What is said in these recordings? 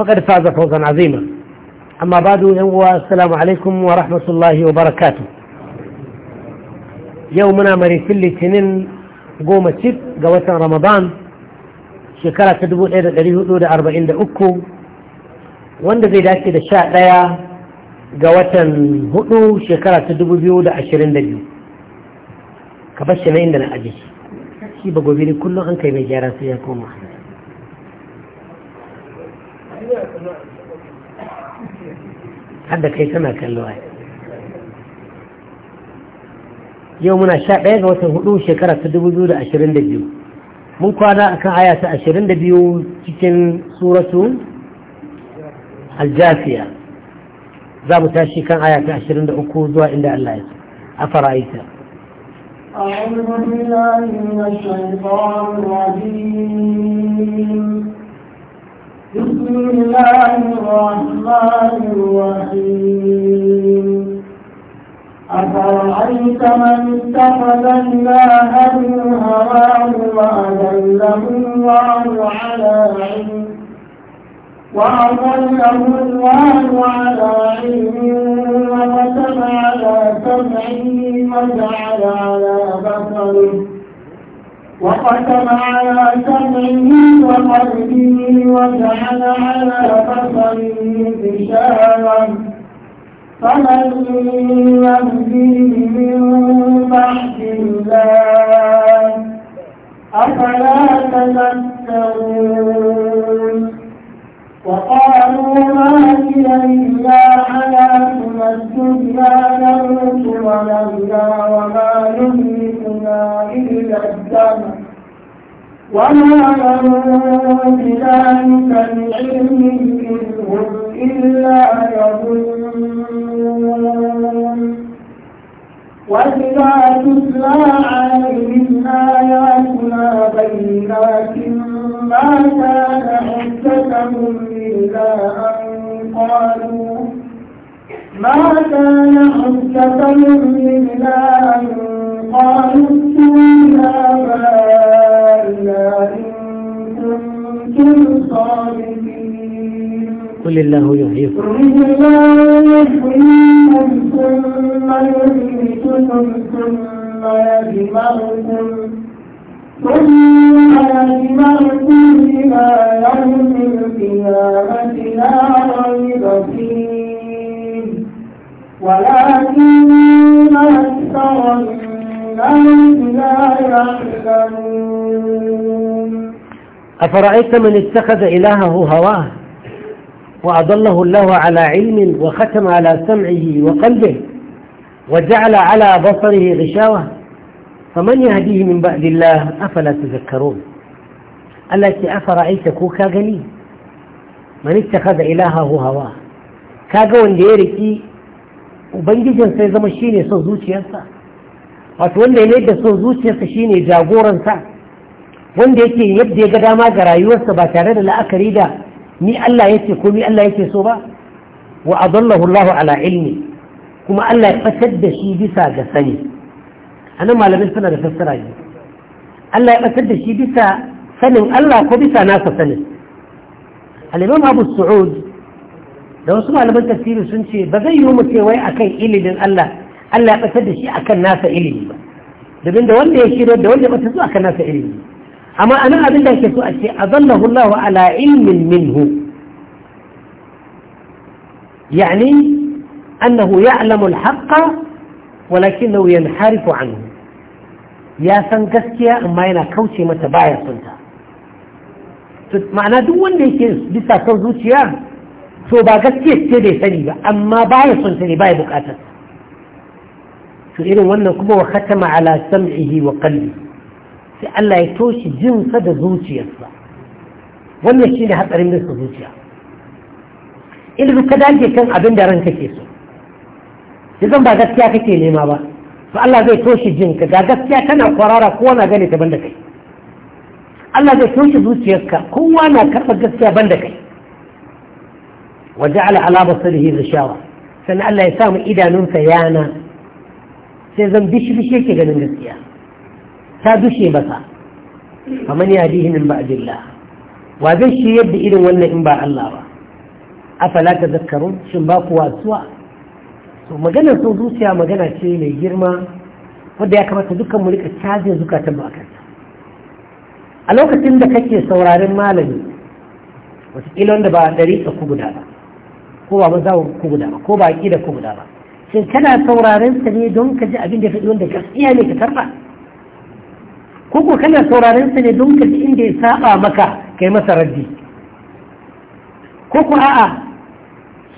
فقد فاز فوزا عظيما أما بعد السلام عليكم ورحمة الله وبركاته يومنا مريت litinin goma cif ga watan ramadan shekara ta dubu ɗaya da da da ɗari arba'in uku, wanda zai dace da sha ɗaya ga watan hudu shekara ta dubu biyu da da biyu. ka na inda na aji shi ba gobe kullum an kai mai gyara sai ya koma hadda kai tana kallo a yau muna sha ɗaya ga watan hudu shekara ta dubu biyu da ashirin da biyu mun kwana a kan aya ta ashirin da biyu cikin suratu aljafiya za mu tashi kan aya ta ashirin da uku zuwa inda Allah ya a fara'ita أعوذ بالله من الشيطان الرجيم بسم الله الرحمن الرحيم أفرأيت من اتخذ الله هواه وأذله الله على علم وأضله الله على علم وختم على سمعه وجعل على بصره وختم على سمعه وقلبه وجعل على بصره غشاوة فمن يهديه من بعد الله أفلا تذكرون وقالوا ما هي إلا حياتنا الدنيا نموت ونمنى وما يملكنا إلا الدم وما لهم بذلك من علم إن هم إلا يظنون وإذا تتلى عليهم آياتنا بينات ما كان حجتهم إلا أن قالوا ما كان حجتهم إلا أن قالوا اتقوا آبائنا إن كنتم صادقين قل الله يحييكم ثم يميتكم ثم يجمعكم ثم يجمعكم القيامة لا فيه ولكن لا أفرأيت من اتخذ إلهه هواه وأضله الله على علم وختم على سمعه وقلبه وجعل على بصره غشاوة فمن يهديه من بعد الله أفلا تذكرون التي أفرأيت كوكا غني من اتخذ إلهه هواه كاغا wanda ya riki ubangijin sai zama shine son zuciyarsa wato wanda ne da son zuciyarsa shine jagoransa wanda yake yadda ya ga dama ga rayuwarsa ba tare da la'akari da ni Allah yake ko ni Allah yake so ba wa adallahu Allah ala ilmi kuma Allah ya fatar da shi bisa ga sani anan malamin suna da fassara ne Allah ya fatar da shi bisa sanin Allah ko bisa nasa sanin al-Imam Abu Su'ud da wasu malaman tafsiri sun ce ba zai yi mu wai akan ilimin Allah Allah ya fatar da shi akan nasa ilimi ba domin da wanda ya shirya da wanda ya fatar akan nasa ilimi amma anan abin da ke so a ce azallahu Allahu ala ilmin minhu يعني أنه يعلم الحق ولكنه harifu عنه ya san gaskiya amma yana kauce mata baya sunta ma'ana duk wanda yake bisa son zuciya to ba gaskiya ce bai sani ba amma baya sunta ne baya bukatar to irin wannan kuma wa khatama ala sam'ihi wa qalbi sai Allah ya toshe jinsa da zuciyarsa wannan shi ne hatsarin bisa zuciya Ilimin ka dage kan abin da ranka ke so zan ba gaskiya kake nema ba to Allah zai toshe jinka ga gaskiya kana kwarara kowa na gane ta banda kai Allah zai toshe zuciyarka kowa na karɓar gaskiya banda kai waje ala alaba sarihi shawa. sannan Allah ya samu idanunsa yana sai zan bishi bishe ke ganin gaskiya ta dushe masa a kamar ya dihi min ba'dillah wa zai shi yadda irin wannan in ba Allah ba a ta zakkarun shin ba ku wasuwa to maganar sun zuciya magana ce mai girma wadda ya kamata dukkan mu rika cajin zukatan mu akan a lokacin da kake sauraren malami wataƙila wanda ba ɗari ka ku guda ba ko ba maza ku guda ba ko ba aƙida ku guda ba shin kana sauraren sa ne don ka ji abin da faɗi wanda gaskiya ne ka karɓa kuku kana sauraren sa ne don ka ji inda ya saba maka kai masa raddi kuku a'a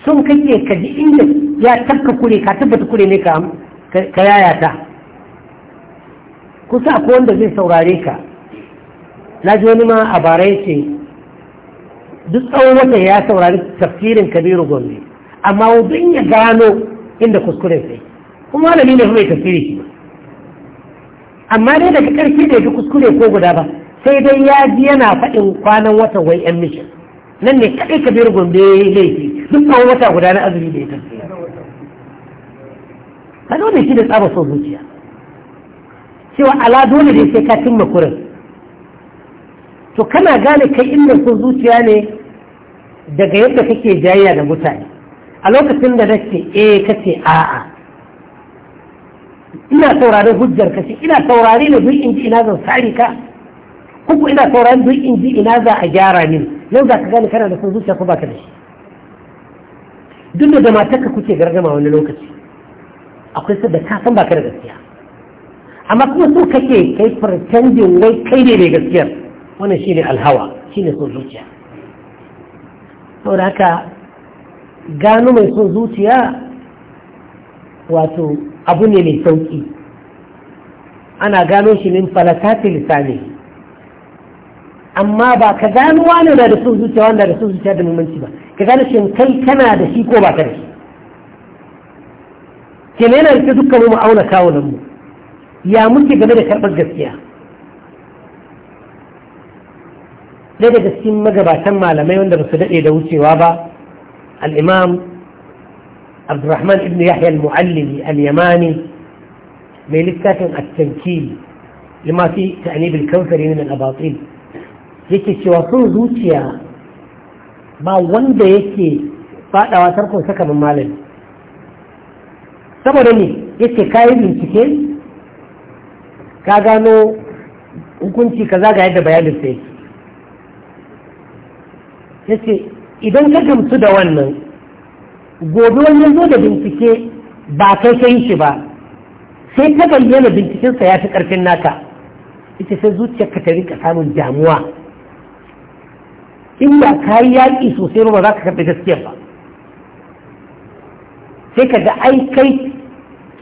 sun kake kaji inda ya tabka kure ka tabbata kure ne ka yayata kusa ko wanda zai saurare ka na ji wani ma a bara ce duk tsawon wata ya saurari tafsirin kabiru gombe amma wudin ya gano inda kuskure sai kuma wani ne ya tafsiri ba amma dai daga ƙarfi da ya kuskure ko guda ba sai dai ya ji yana faɗin kwanan wata wai yan mishin nan ne kaɗai biyar gombe ya yi laifi duk tsawon wata guda na azumi da ya tafiya ka dole shi da tsaba son zuciya cewa ala dole da sai ka cimma kurin to kana gane kai inda son zuciya ne daga yadda kake jayya da mutane a lokacin da nake eh kace a'a ina sauraron hujjar ka ce ina saurare ne duk inji ina zan sare ka kuku ina sauraron duk inji ina za a gyara ni, yau za ka gane kana da son zuciya ko baka da shi duk da matarka kuke gargama wani lokaci akwai su da ka san baka da gaskiya amma kuma so kake kai farcanjin wai kai ne mai gaskiyar wannan shine alhawa shine son zuciya saboda haka gano mai son zuciya wato abu ne mai sauki ana gano shi min falakati lisani amma ba ka gano wani da rasu zuciya wanda rasu zuciya da mumanci ba ka gano shi kai kana da shi ko ba ka da shi Ke ne yana rike dukkan mu auna kawunan mu ya muke game da karɓar gaskiya ɗaya daga cikin magabatan malamai wanda ba su daɗe da wucewa ba al'imam عبد الرحمن ابن يحيى المعلمي اليماني من للساكن التنكيل لما في تأنيب الكوثر من ba wanda yake fadawa tarkon sakamin malami saboda ne yake kayi bincike ka gano hukunci kaza ga yadda bayanin sai yake idan ka gamsu da wannan gobe wani zo da bincike ba kai kai shi ba sai ta bayyana bincikensa ya fi ƙarfin naka ita sai ka ta ka samun damuwa ba ka yi yaƙi sosai ba za ka karɓi gaskiya ba sai ka ga ai kai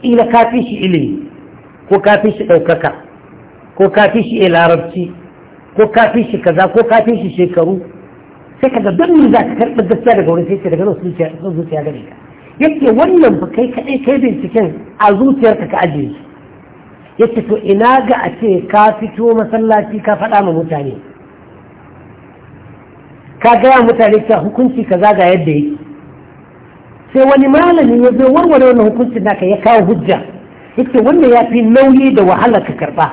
ƙila ka fi shi ilimi ko ka fi shi ɗaukaka ko ka fi shi larabci ko ka fi shi kaza ko ka fi shi shekaru sai ka ga don za ka karɓi gaskiya daga wani sai ce daga nan zuciya gare ka yake wannan ba kai kaɗai kai binciken a zuciyarka ka ajiye shi yake to ina ga a ce ka fito masallaci ka faɗa ma mutane ka gaya mutane cewa hukunci kaza ga yadda yake sai wani malami ya zo warware wannan hukuncin naka ya kawo hujja yake wannan ya fi nauyi da wahala ka karɓa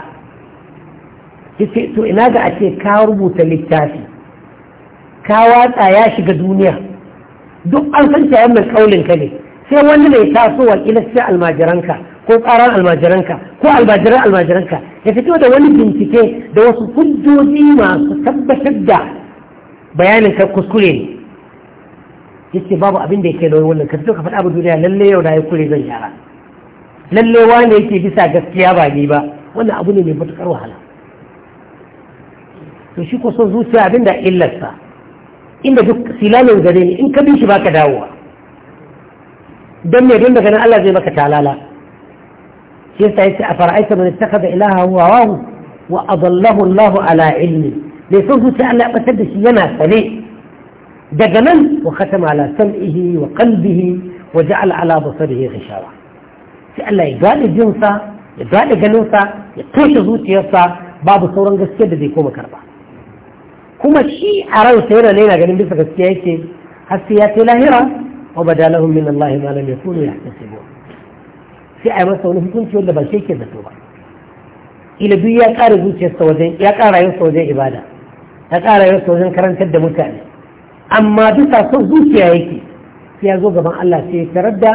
yake to ina ga a ce ka rubuta littafi ka watsa ya shiga duniya duk an san cewa mai kaulin ka ne sai wani mai tasowa kila sai almajiranka ko karar almajiranka ko almajiran almajiranka ya fito da wani bincike da wasu hujjoji masu tabbatar da bayanin ka kuskure ne yace babu abin da yake nauyi wannan ka fito ka faɗa abu duniya lalle yau da yi kure zan yara lalle wanda yake bisa gaskiya ba ni ba wannan abu ne mai matukar wahala to shi ko son zuciya abin da illarsa inda duk silamin gare ne in ka bi shi baka dawowa don me don daga nan Allah zai maka talala shi yasa yace a fara'aita man ittakhadha ilaha huwa wahu wa adallahu Allah ala ilmi bai san Allah ya batar da shi yana sane daga nan wa khatama ala sam'ihi wa qalbihi wa ja'ala ala basarihi ghishawa sai Allah ya gane jinsa ya gane ganinsa ya toshe zuciyarsa babu sauran gaskiya da zai koma karba kuma shi a ran sai ne yana ganin bisa gaskiya yake har sai ya ce lahira wa badalahum min Allah ma lam yakunu yahtasibun sai a yi masa wani hukunci wanda ba shi da zato ba ila duk ya ƙara zuciyarsa wajen ya ƙara yin wajen ibada ya ƙara yin wajen karantar da mutane amma bisa son zuciya yake sai ya zo gaban Allah sai ya tarar da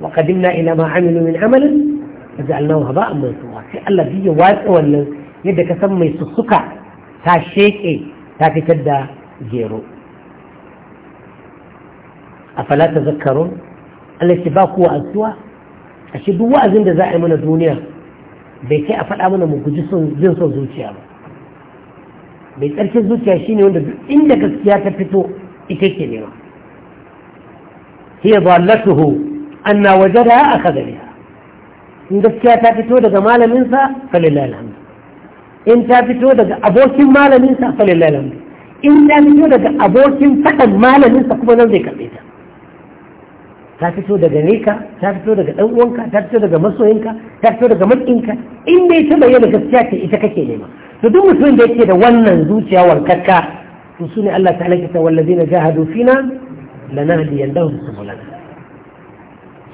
wa qadimna ila ma amilu min amalin faj'alnahu haba'an mansura sai Allah biya ya watsa wannan yadda ka san mai sussuka ta sheke ta fitar da gero a falata zakarun Allah ba kuwa azuwa a duk wa'azin da za a yi mana duniya bai kai a faɗa mana mu guji jin son zuciya ba mai tsarkin zuciya shine wanda inda gaskiya ta fito ita ke nema hiya dallatuhu anna wajadaha akhadha biha in gaskiya ta fito daga malamin sa falillahi alhamd in ta fito daga abokin malamin sa fa lillahi in ta fito daga abokin fadan malamin sa kuma nan zai karbe ta ta fito daga neka ta fito daga dan uwanka ta fito daga masoyinka ta fito daga matsinka in dai ta bayyana gaskiya ce ita kake nema to duk mutumin da yake da wannan zuciya warkakka to sune ne Allah ta'ala ta wallazina jahadu fina lanahdiyannahum subulana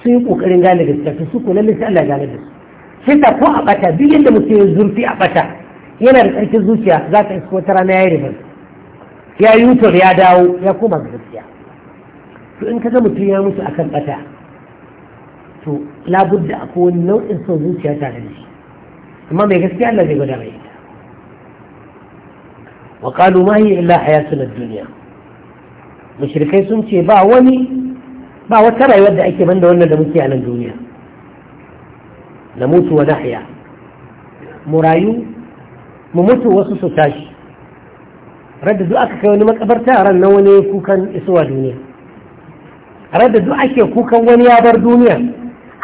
sun yi kokarin gane gaskiya to su ko lalle sai Allah ya gane da su sai ta ko a bata duk da mutum ya zurfi a bata yana da tsarkin zuciya za ta isko wata rana ya yi ribin ya yi wutar ya dawo ya koma ga gaskiya to in ka ga mutum ya mutu akan bata to labudda akwai wani nau'in son zuciya tare da shi amma mai gaskiya Allah zai gwada mai ita wa qalu ma hiya illa hayatuna ad-dunya mushrikai sun ce ba wani ba wata rayuwar da ake banda wannan da muke a nan duniya na mutu wa nahya mu rayu mu mutu wasu su tashi radda duk aka kai wani makabarta ran na wani kukan isuwa duniya radda duk ake kukan wani ya bar duniya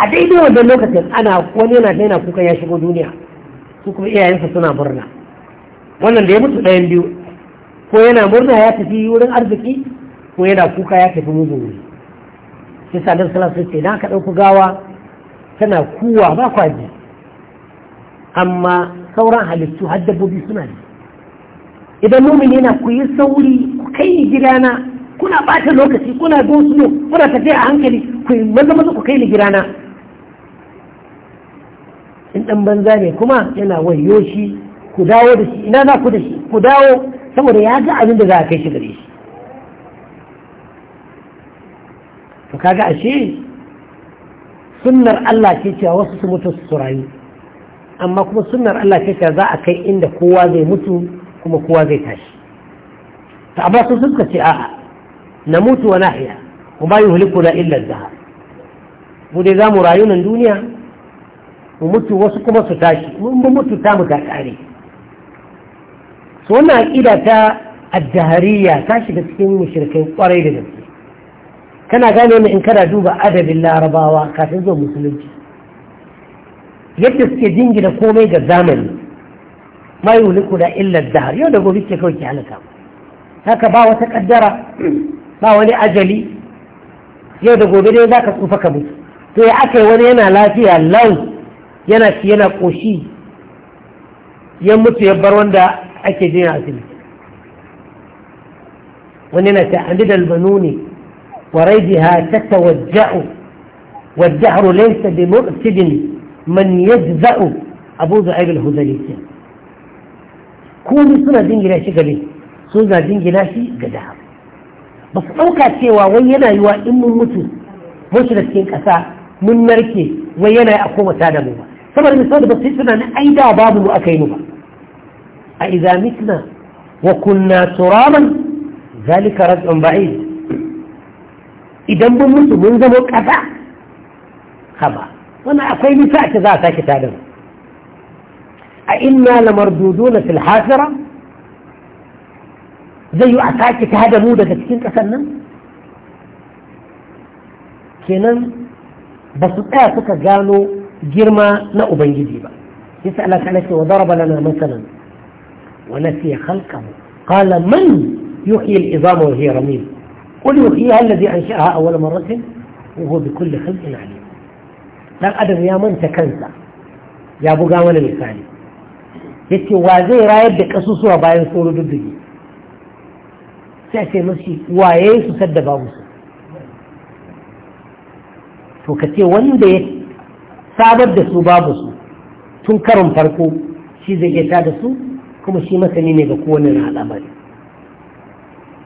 a daidai wannan lokacin ana wani yana daina kukan ya shigo duniya su kuma iyayensa suna murna wannan da ya mutu ɗayan biyu ko yana murna ya tafi wurin arziki ko yana kuka ya tafi mugun wuri sai sadar salatu ce na ka ɗauki gawa tana kuwa ba kwaji amma sauran halittu har dabbobi suna ne idan mumin yana ku yi sauri ku kai ni gidana kuna bata lokaci kuna don su kuna tafiya a hankali ku yi maza maza ku kai ni gidana in dan banza ne kuma yana wayo shi ku dawo da shi ina za ku da shi ku dawo saboda ya ga abin da za a kai shi gare shi to kaga ashe sunnar Allah ce cewa wasu su mutu su rayu amma kuma sunnar Allah ce ta za a kai inda kowa zai mutu kuma kowa zai tashi ta amma su suka ce a'a na mutu wa nahiya kuma yi hulikuna illar zaha mu dai za mu rayu nan duniya mu mutu wasu kuma su tashi mun mutu ta mu ta kare su wannan aƙida ta addahariya ta shiga cikin mushrikai kwarai da gaske kana gane wannan in kana duba adabin larabawa kafin zuwa musulunci yadda suke jingina komai ga zamani ma yi wuli kuda illar dahar yau da gobe ke kawai ki halaka haka ba wata kaddara ba wani ajali yau da gobe dai za ka tsufa ka mutu to ya aka yi wani yana lafiya lau yana ci yana ƙoshi ya mutu ya bar wanda ake jina asibiti wani na ta an didal banuni wa raidiha ta tawajja'u والدهر ليس بمؤكد man yajza'u abu zu'aib al-hudali ke komai suna jingina shi gare su na jingina shi ga da ba su ɗauka cewa wai yana wa in mun mutu mutu da cikin ƙasa mun narke wai yana a koma ta da mu ba saboda misali ba su yi tunanin ai da babu mu aka yi mu ba a idza mitna wa kunna turaban zalika raj'un ba'id idan mun mutu mun zama ƙasa haba wannan akwai nisa ce za a sake tarin a inna lamarduduna fil hasira zai yi a sake tada mu daga cikin ƙasar nan kenan ba su tsaya suka gano girma na ubangiji ba yasa Allah ta'ala ce wa daraba lana masalan wa nasiya khalqahu qala man yuhyi al-izama wa hiya ramim qul yuhyiha alladhi ansha'aha awwal marratin wa huwa bi kulli khalqin alim dan adam ya manta kansa ya buga mana misali yace wa zai rayar da kasusuwa bayan tsoro rududdugi sai ce masu waye su sadda babu su to ka ce wanda ya sabar da su babu su tun karin farko shi zai iya da su kuma shi masani ne ga kowane al'amari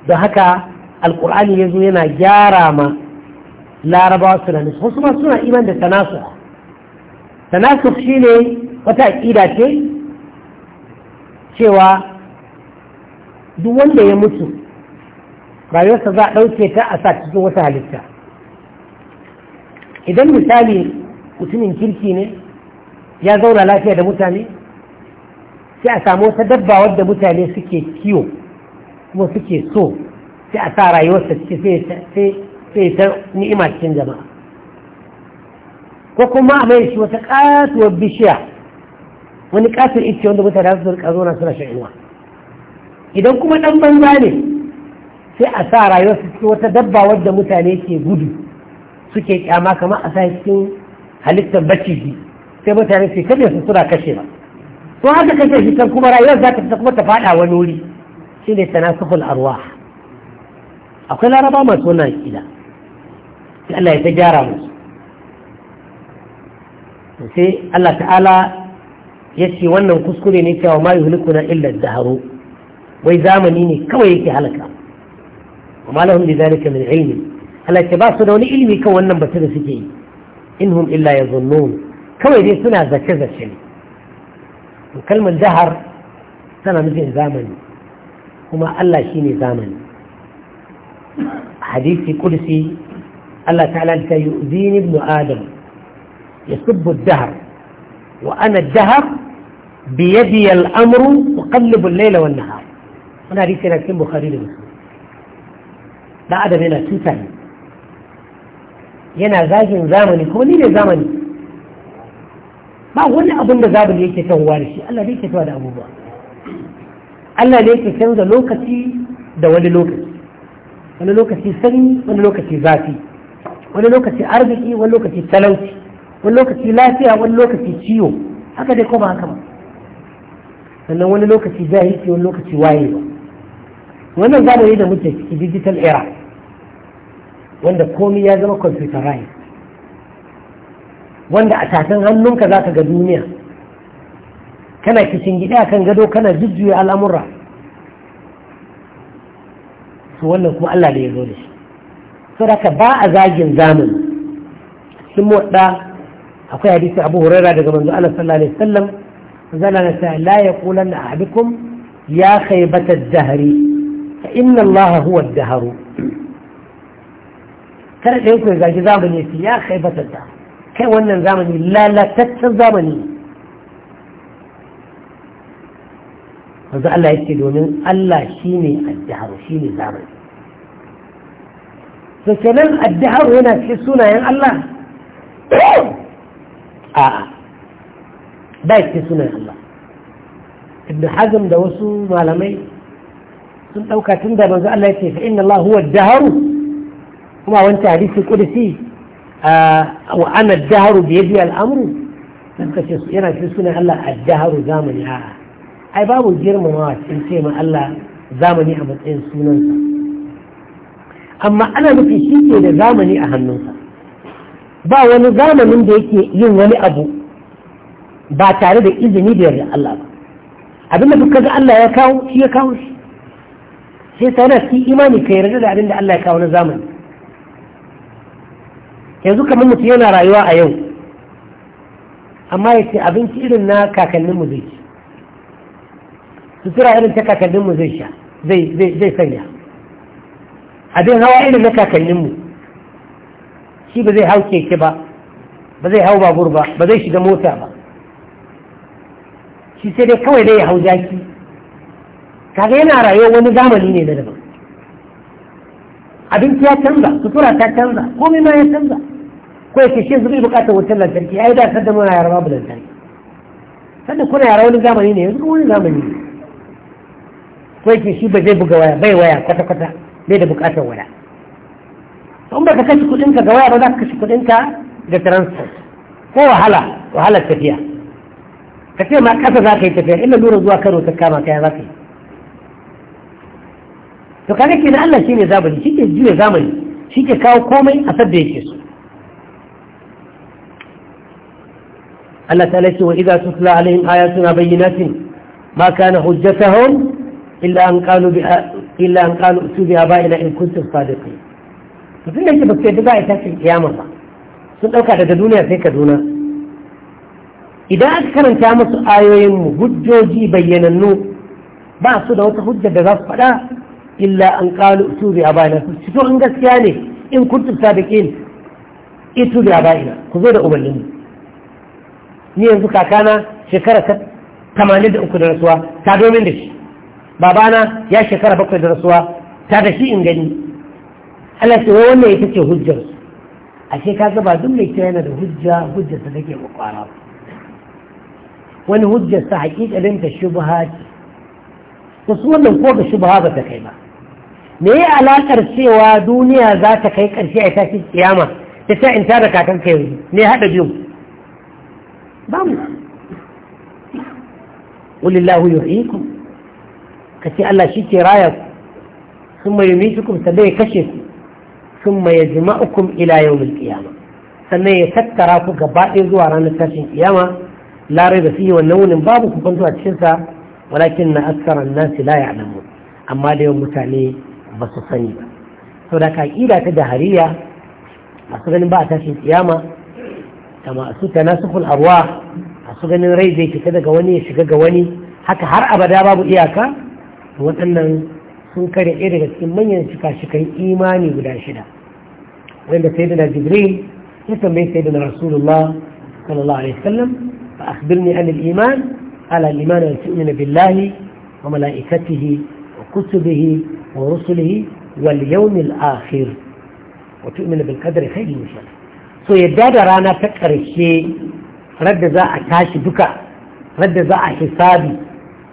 don haka alkur'ani ya yana gyara ma larabawa suna nisa wasu ma suna iman da tanasu tanasu shi ne wata aƙida ce cewa duk wanda ya mutu rayuwarsa za a ɗauke ta a sa cikin wata halitta idan misali mutumin kirki ne ya zauna lafiya da mutane sai a samu wata dabba wadda mutane suke kiwo kuma suke so sai a sa rayuwarsa ciki sai sai ta ni'ima cikin jama'a ko kuma a mai shi wata katuwar bishiya wani katon ice wanda mutane su rika zo na suna sha'inuwa idan kuma dan banza ne sai a sa rayuwar su cikin wata dabba wadda mutane ke gudu suke kyama kamar a sa cikin halittar bacci sai mutane su kaje su suna kashe ba to haka kashe shi kan kuma rayuwar za ta fita kuma ta fada wani wuri shine tanasukul arwah akwai laraba masu wannan kila sai Allah ya ta gyara musu sai Allah ta'ala ya ce wannan kuskure ne cewa ma yuhlikuna illa daharo wai zamani ne kawai yake halaka wa ma lahum bidhalika min ilmi Allah ya ba su da wani ilmi kan wannan batu da suke yi inhum illa yazunnun kawai dai suna zace zace ne kalmar dahar tana nufin zamani kuma Allah shine zamani hadisi kursi الله تعالى انت يؤذيني ابن آدم يسب الدهر وأنا الدهر بيدي الأمر أقلب الليل والنهار انا هنا انا ناسم بخاري لمسلم لا أدب هنا سوسا ينا زاجن زامني كوني زامني ما هو أن أبن ذاب اللي يكي سوارشي ألا ليك سوار أبو بكر ألا ليش سوار لوكتي دولي لوكتي أنا لوكتي سني وأنا لوكتي ذاتي wani lokaci arziki wani lokaci talauci wani lokaci lafiya wani lokaci ciwo haka dai ko ba haka ba sannan wani lokaci jahilci wani lokaci waye ba wannan zamani da muke ciki digital era wanda komi ya zama computerized wanda a tafin hannunka za ka ga duniya kana kishin gida kan gado kana jujjuya al'amura su wannan kuma Allah da ya zo da shi saboda ba a zagin zamani sun moɗa akwai hadisi abu huraira daga manzo Allah sallallahu alaihi wasallam zana na ta la yaqulan ahadukum ya khaybata ad-dahri fa inna Allah huwa ad-dahr kada dai ku zagi zamani shi ya khaybata ad kai wannan zamani lalataccen zamani manzo Allah yake domin Allah shine ad-dahr shine zamani to kenan addaharu yana cikin sunayen Allah a'a bai cikin sunayen Allah inda hazm da wasu malamai sun ɗauka tun da manzo Allah ya ce fa inna Allah huwa ad-daharu kuma wancan hadisi qudsi wa ana ad-daharu bi yadi al-amru dan kace yana cikin sunan Allah ad-daharu zamani a'a ai babu girmamawa cikin ce ma Allah zamani a matsayin sunansa amma ana nufi shi ke da zamani a hannunsa ba wani zamanin da yake yin wani abu ba tare da izini da yarda Allah ba abin da duka ga Allah ya kawo shi ya kawo shi sai sana na fi imani ka yarda da abin da Allah ya kawo na zamani yanzu kamar mutum yana rayuwa a yau amma ya ce abinci irin na kakanninmu zai ci sutura irin ta kakanninmu zai sha zai sanya abin hawa irin na kakanninmu shi ba zai hau keke ba ba zai hau babur ba ba zai shiga mota ba shi sai dai kawai dai ya hau jaki kaga yana rayuwar wani zamani ne na daban abinci ya canza sutura ta canza komai ma ya canza ko yake shi zubi bukatar wutar lantarki ai da kada muna yara babu lantarki sanda kuna yara wani zamani ne yanzu wani zamani ne ko yake shi ba zai buga waya bai waya kwata-kwata bai da bukatar waya in baka kashe kudinka ga waya ba za ka kashe kudinka ga transport ko wahala wahalar tafiya ka ce ma kasa za ka yi tafiya illa lura zuwa karo ta kama kaya za ka yi to kaga kenan Allah shine zamani shike juya zamani shike kawo komai a sadda yake so Allah ta lace wa idza tutla alaihim ayatuna bayyinatin ma kana hujjatuhum illa an qalu bi illa an qalu utu bi abaina in kuntum sadiqin to tunda yake ba sai da za a tashi kiyama ba sun dauka daga duniya sai kaduna idan aka karanta musu ayoyin mu hujjoji bayyanannu ba su da wata hujja da za su faɗa illa an qalu utu bi abaina su to in gaskiya ne in kuntum sadiqin itu bi abaina ku zo da ubanninmu ni yanzu kakana shekara ta tamanin da uku da rasuwa ta domin da shi babana ya shekara bakwai da rasuwa ta da shi in gani Allah ce wannan ita ce hujjar ashe ka ga ba duk mai kira yana da hujja hujjar sa take kwakwara wani hujjar sa hakikalin ta shubha ce to su wannan ko ga shubha ba ta kai ba me ya alakar cewa duniya za ta kai karshe a tashin kiyama ta ta in tara kakan kai ne hada biyu ba mu qul illahu yuhyikum ka ce Allah shi ke raya ku sun mai yumitukum sannan ya kashe ku sun mai jima'ukum ila yawmil kiyama sannan ya tattara ku gaba ɗaya zuwa ranar tashin kiyama larai da yi wannan wunin babu ku kwanto a cikinsa walakin na askaran nasi la ya'lamu amma da yawan mutane ba su sani ba saboda ka da ta dahariya masu ganin ba a tashin kiyama da masu tanasuful arwa su ganin rai zai fita daga wani ya shiga ga wani haka har abada babu iyaka waɗannan sun kare ɗaya daga cikin manyan shika-shikan imani guda shida wanda sai da jibril ya tambayi sai da rasulullah sallallahu alaihi wasallam fa akhbirni an al-iman ala al-iman an tu'mina billahi wa malaikatihi wa kutubihi wa rusulihi wal yawmil akhir wa tu'mina bil qadri khayrin min sharri so yadda da rana ta ƙarshe radda za a tashi duka radda za a hisabi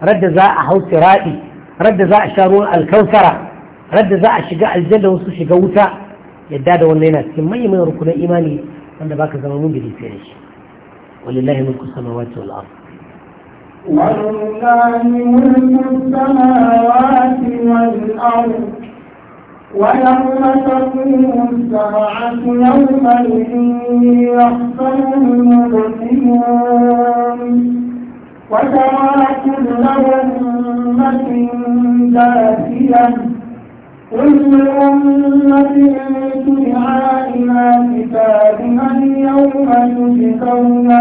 radda za a hau siradi رد زاع شارون الكوثرة رد زاع شجاع الجنة وصوش قوتا يداد والنينة كم مي من ركن إيماني عند باك زمان مجري فيه ولله ملك السماوات والأرض ولله ملك السماوات والأرض ويوم تقوم الساعة يوم يحصل المبطلون وترى كل أمر أمة داخلة كل أمة تدعى إلى كتابها اليوم تجزون ما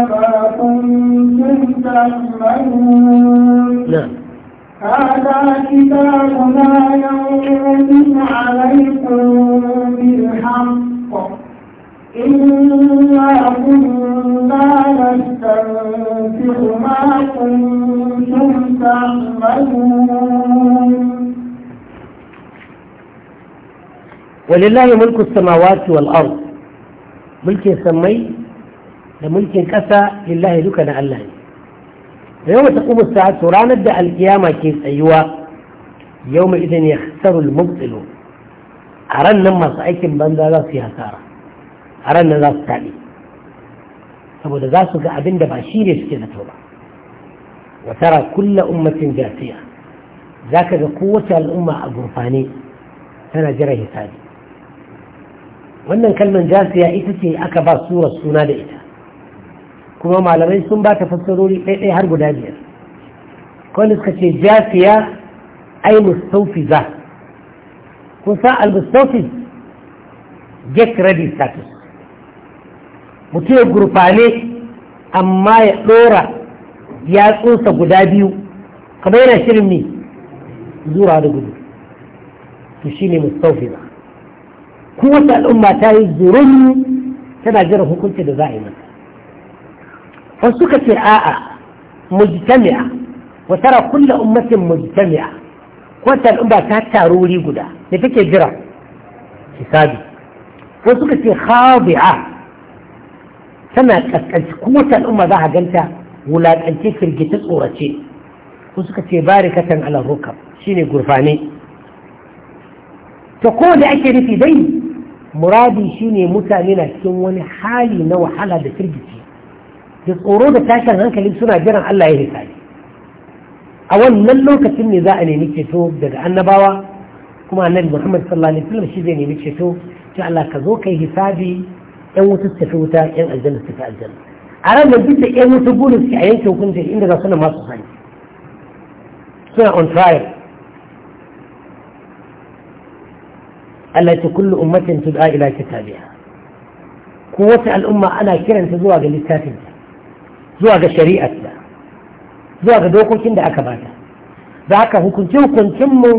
كنتم تعملون نعم. هذا كتابنا يوم عليكم بالحق إنا كنتم ولله ملك السماوات والأرض ملك سمي لملك كسا لله ذكنا الله يوم تقوم الساعة سرانة دا القيامة كيف أيوة يوم إذن يخسر المبطل أرن نما سأيكم بندا لا في هسارة a nan za su taɓe saboda za su ga abin da ba shi ne suke zato ba watara kulla ummatin jasiya za ka ga kowace al'umma a gurfane tana jira hisabi wannan kalmar jasiya ita ce aka ba surar suna da ita kuma malamai sun ba ta fassarori ɗaiɗai har guda biyar kawai suka ce jasiya ai mustaufi za kun al-mustaufi get ready status mutum ya gurfane amma ya ɗora yatsunsa guda biyu kamar yana shirin ne zura da gudu to shi ne mustaufi ba kowace al'umma ta yi zurun tana jiran hukunci da za a yi mata wasu suka ce a'a mujtami'a wa tara kullu ummatin mujtami'a kowace al'umma ta taru wuri guda ne take jira hisabi wasu suka ce khadi'a tana kaskanci kuma wata al'umma za a ganta wulakance firgita tsorace ko suka ce barikatan ala rukab shine gurfane ta ko da ake nufi dai muradi shine mutane na cikin wani hali na wahala da firgici da tsoro da tashin hankali suna jiran Allah ya hisabi a wannan lokacin ne za a nemi ceto daga annabawa kuma annabi Muhammad sallallahu alaihi wasallam shi zai nemi ceto ce Allah ka zo kai hisabi yan wuta su tafi wuta yan aljanna su tafi aljanna a ranar duk da yan wuta gudu suke a yanke hukunci inda su suna masu sani suna on trial Allah ta kullu ummatin tud'a ila kitabiha ko wata al'umma ana kiranta zuwa ga littafinta zuwa ga ta zuwa ga dokokin da aka bata da haka hukunce hukuncinmu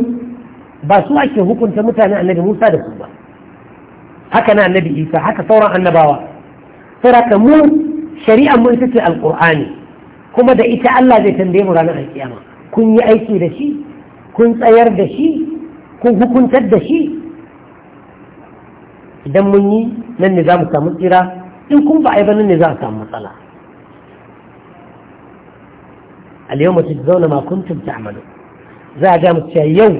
ba su ake hukunta mutane annabi Musa da su ba haka na annabi isa haka sauran annabawa saboda mu shari'ar mu ita ce alqur'ani kuma da ita Allah zai tambaye mu ranar alkiyama kun yi aiki da shi kun tsayar da shi kun hukuntar da shi idan mun yi nan ne za mu samu tsira in kun ba a yi ba nan ne za a samu matsala al-yawma tujzauna ma kuntum ta'malu za a ga mu cewa yau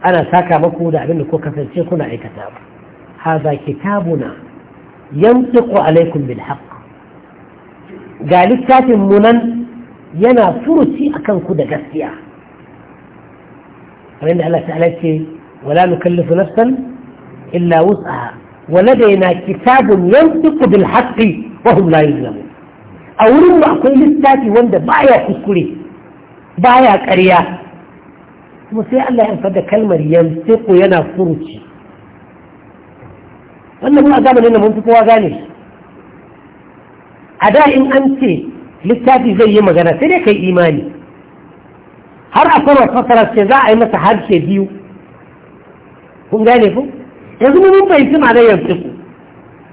ana saka maku da abinda da ko kasance kuna aikata ba هذا كتابنا ينطق عليكم بالحق قال الكاتب منن ينا فرسي أكن كده قسيا فإن الله تعالى ولا نكلف نفسا إلا وسعها ولدينا كتاب ينطق بالحق وهم لا يظلمون a wurin ba akwai littafi wanda baya kuskure baya ƙarya kuma sai Allah ya fada kalmar yantiku yana furuci wannan kuma a zamanin da mun fi kowa gane shi a da in an ce littafi zai yi magana sai dai kai imani har a kuma fasara ce za a yi masa harshe biyu kun gane ku yanzu mun fahimci ma yanzu ku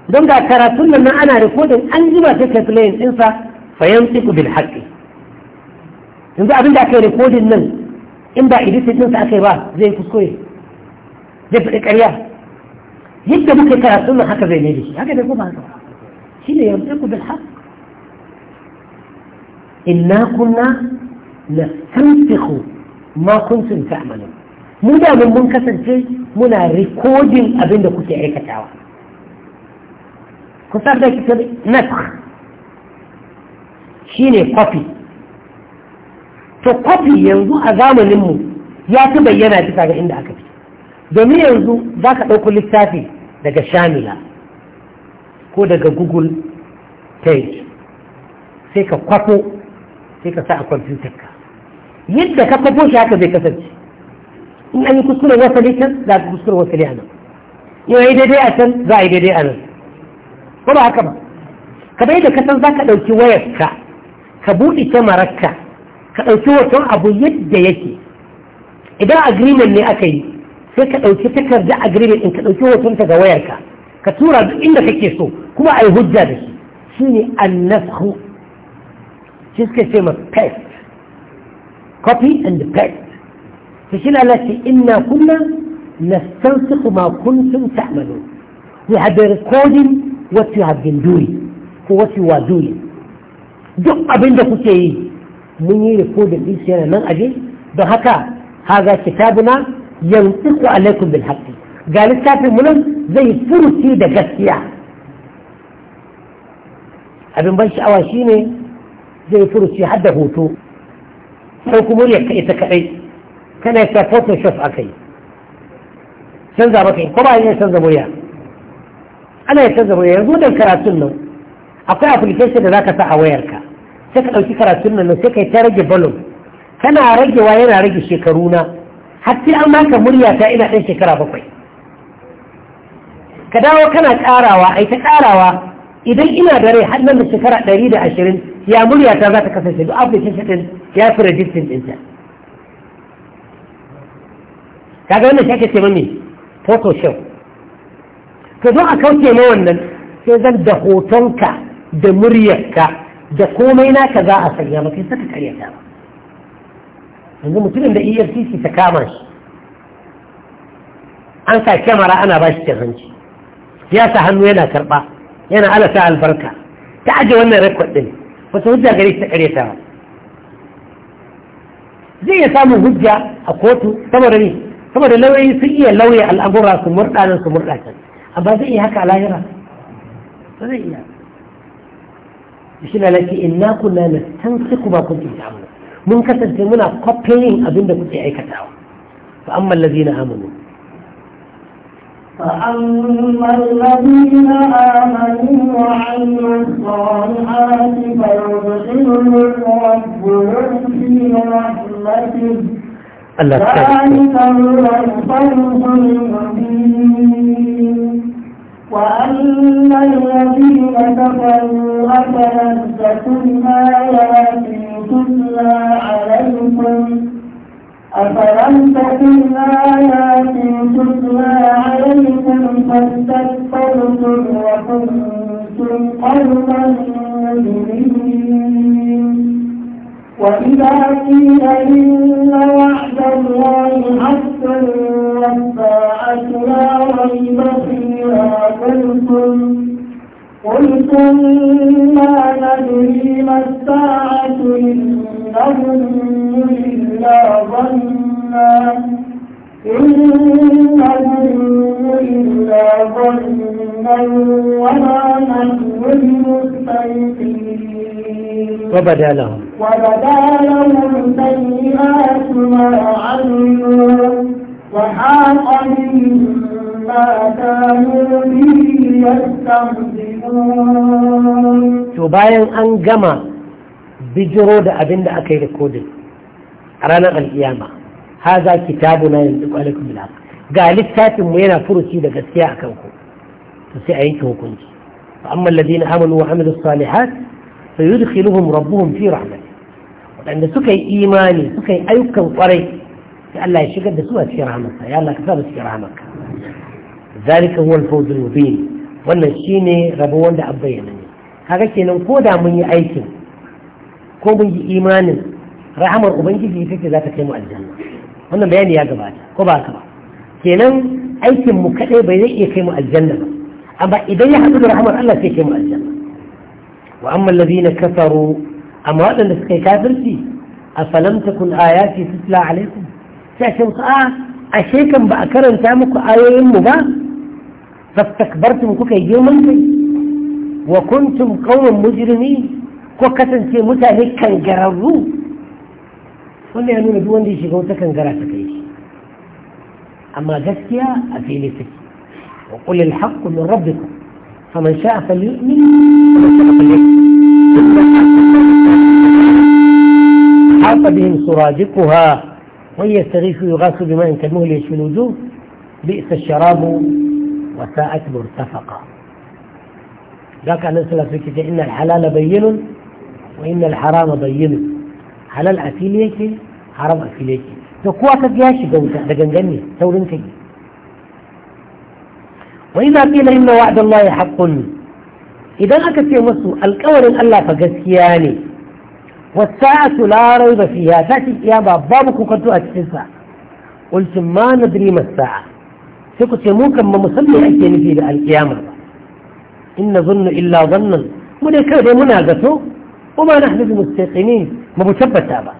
don ga karatun nan ana rikodin an zuba ta kafilayin filayin ɗinsa tsiku bil haƙƙi yanzu abin da aka yi rikodin nan in ba idisi ɗinsa aka yi ba zai kuskure zai faɗi ƙarya yadda muke karatu nan haka zai ne da shi haka dai kuma haka shi ne yanzu ku bil haq inna kunna nastansikhu ma kuntum ta'malun mu da mun mun kasance muna recording abin da kuke aikatawa ku san da kike nask ne copy to copy yanzu a zamanin mu ya fi bayyana bisa ga inda aka fi domin yanzu za ka ɗauku littafi daga shamila ko daga google page sai ka kwafo sai ka sa a ka, yadda ka kwafo shi haka zai kasance in an yi kuskure wasali can za ka kuskure wasali a nan in yi daidai a can za a yi daidai a nan ko ba haka ba ka bai da kasan za ka ɗauki wayarka ka buɗe kyamararka ka ɗauki wasan abu yadda yake idan agreement ne aka yi sai ka ɗauki takarda agreement in ka ɗauki hotonta ga wayarka ka tura duk inda kake so kuma a yi hujja da shi shi ne annasahu shi suka ce ma paste copy and paste ta shi lalace inna kunna nastansikhu ma kuntum ta'malu we have been recording what you have been doing ko what you are doing duk abin da kuke yi mun yi recording din shi yana nan aje don haka haga kitabuna yantiqu alaikum bil haqqi ga littafin mu nan zai furuci da gaskiya abin ban sha'awa shine zai furuci har da hoto sai kuma ya kai ta kadai kana ta photoshop akai canza maka ko ba yin canza murya ana yin canza murya yanzu da karatun nan akwai application da zaka sa a wayarka sai ka dauki karatun nan sai kai ta rage volume kana ragewa yana rage shekaru na hatta an maka murya ta ina ɗan shekara bakwai ka dawo kana ƙarawa ai ta ƙarawa idan ina da rai har nan da shekara ɗari da ashirin ya murya ta za ta kasance duk application ɗin ya fi rajistin ta kaga wannan shi ake ce mami photo show to zo a kauce ma wannan sai zan da hotonka da muryarka da komai naka za a sanya maka sai ka karyata ba yanzu mutumin da efcc ta kama shi an sa kyamara ana ba shi cin hanci ya sa hannu yana karɓa yana alasa albarka ta aje wannan rekod ɗin wata hujja gare shi ta karyatawa zai iya samun hujja a kotu saboda ne saboda lauyoyi sun iya lauya al'amura su murɗa nan su murɗa can amma zai iya haka a lahira ba zai iya shi na lafi inna kunna nastansiku ma kuntum ta'malun mun kasance muna kwafayin abin da kuke aikatawa fa amma allazina amanu فأما الذين آمنوا وعملوا الصالحات فيدخلهم ربهم في رحمته ذلك هو الفوز المبين وأما الذين كفروا أفلم تكن آياتي تتلى عليكم أفلم تكن آيات تتلى عليكم فاستكبرتم وكنتم قوما مجرمين وإذا قيل إن وعد الله حق والساعة لا ريب فيها قلتم قل كنا ندري ما الساعة إن نظن إلا ظنا إن نظن إلا ظنا وما نحن بمستيقنين وبدا لهم وبدا لهم سيئات ما عملوا وحاق منهم ما كانوا به يستهزئون تباين أن جمع بجرود أبن أكيد كود رانا القيامة هذا كتابنا ينطق عليكم بالحق قال ساتم وين فرسي لك السياء كوكو فسيعيته كنت واما الذين آمنوا وعملوا الصالحات فيدخلهم ربهم في رحمته وعند سكي إيماني سكي أيكا وطريك لا يشك أن استرامك يا الله كثر استرامك ذلك هو الفوز المبين وأن الشيني ربوان ده أبين هذا الشيء نقود عن مني أيكم كم من إيمان رحم ربنا كي يفك ذات كلمة الجنة هنا بيان يا جماعة كبا كبا كنا أيكم مكتئ بيني كلمة الجنة أما إذا يحب رحم الله في كلمة الجنة وأما الذين كفروا أما هذا نسكي كافر فيه أفلم تكن آياتي تتلى عليكم sai ce musu a ashe kan ba a karanta muku ayoyin mu ba fastakbartum kuka yi girman kai wa kuntum qauman mujrimi ko kasance mutane kangararru wanda ya nuna duk wanda ya shiga wata kangara ta kai shi amma gaskiya a fili take wa qul al haqqu min rabbikum faman sha'a falyu'min wa man sha'a falyakfur حاط بهم سراجقها وإن يستغيث يغاث بماء كالمهل يشفي الوجوه بئس الشراب وساءت مرتفقة ذاك عن نسأل في كتير إن الحلال بين وإن الحرام بين حلال أفليك حرام أفليك تقوى تجاش قوتا دقن جنية تقول انت وإذا قيل إن وعد الله حق إذا أكت يمسه الكون ألا فقسياني يعني والساعة na ريب فيها sai ku ce وقدو أتسنسا قلت ما ندري ما الساعة سكت يموك ما مسمي أيتين في القيامة إن ظن إلا ظنا من يكاد مناغته وما نحن بمستيقنين ما tabbata ba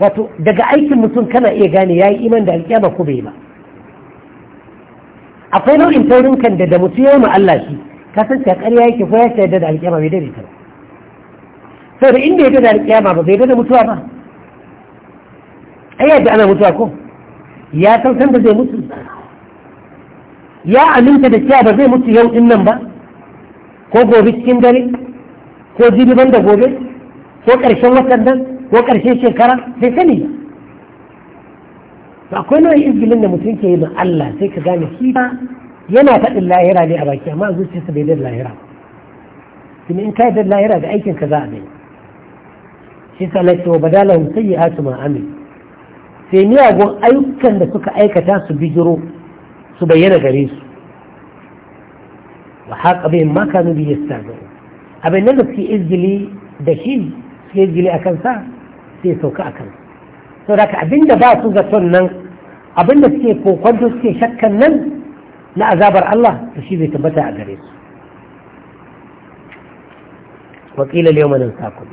wato daga aikin mutum kana iya gane yayi iman da alƙiyama ko bai ba akwai nau'in taurin kan da da mutum ya ma Allah shi ka san ta ƙarya yake ko ya yarda da alƙiyama bai dare ta ba sau da inda ya ga da ba zai ga mutuwa ba ai yadda ana mutuwa ko ya san san da zai mutu ya aminta da cewa ba zai mutu yau din nan ba ko gobe cikin dare ko jibi ban da gobe ko karshen watan nan ko karshen shekara sai sani ba akwai nau'in izgilin da mutum ke yi ma Allah sai ka gane shi ba yana faɗin lahira ne a baki amma zuciyarsa bai da lahira kuma in ka yi da lahira da aikin ka za a bai shi salatu wa badalahum sayyi'atu ma amil sai miyagun ayyukan da suka aikata su bijiro su bayyana gare su wa haqa bihim ma kanu bi yastazun abin nan da suke izgili da shi suke izgili akan sa sai sauka akan to da abinda ba su ga zaton nan abinda suke kokonto suke shakkan nan na azabar Allah to shi bai tabbata a gare su وقيل اليوم ننساكم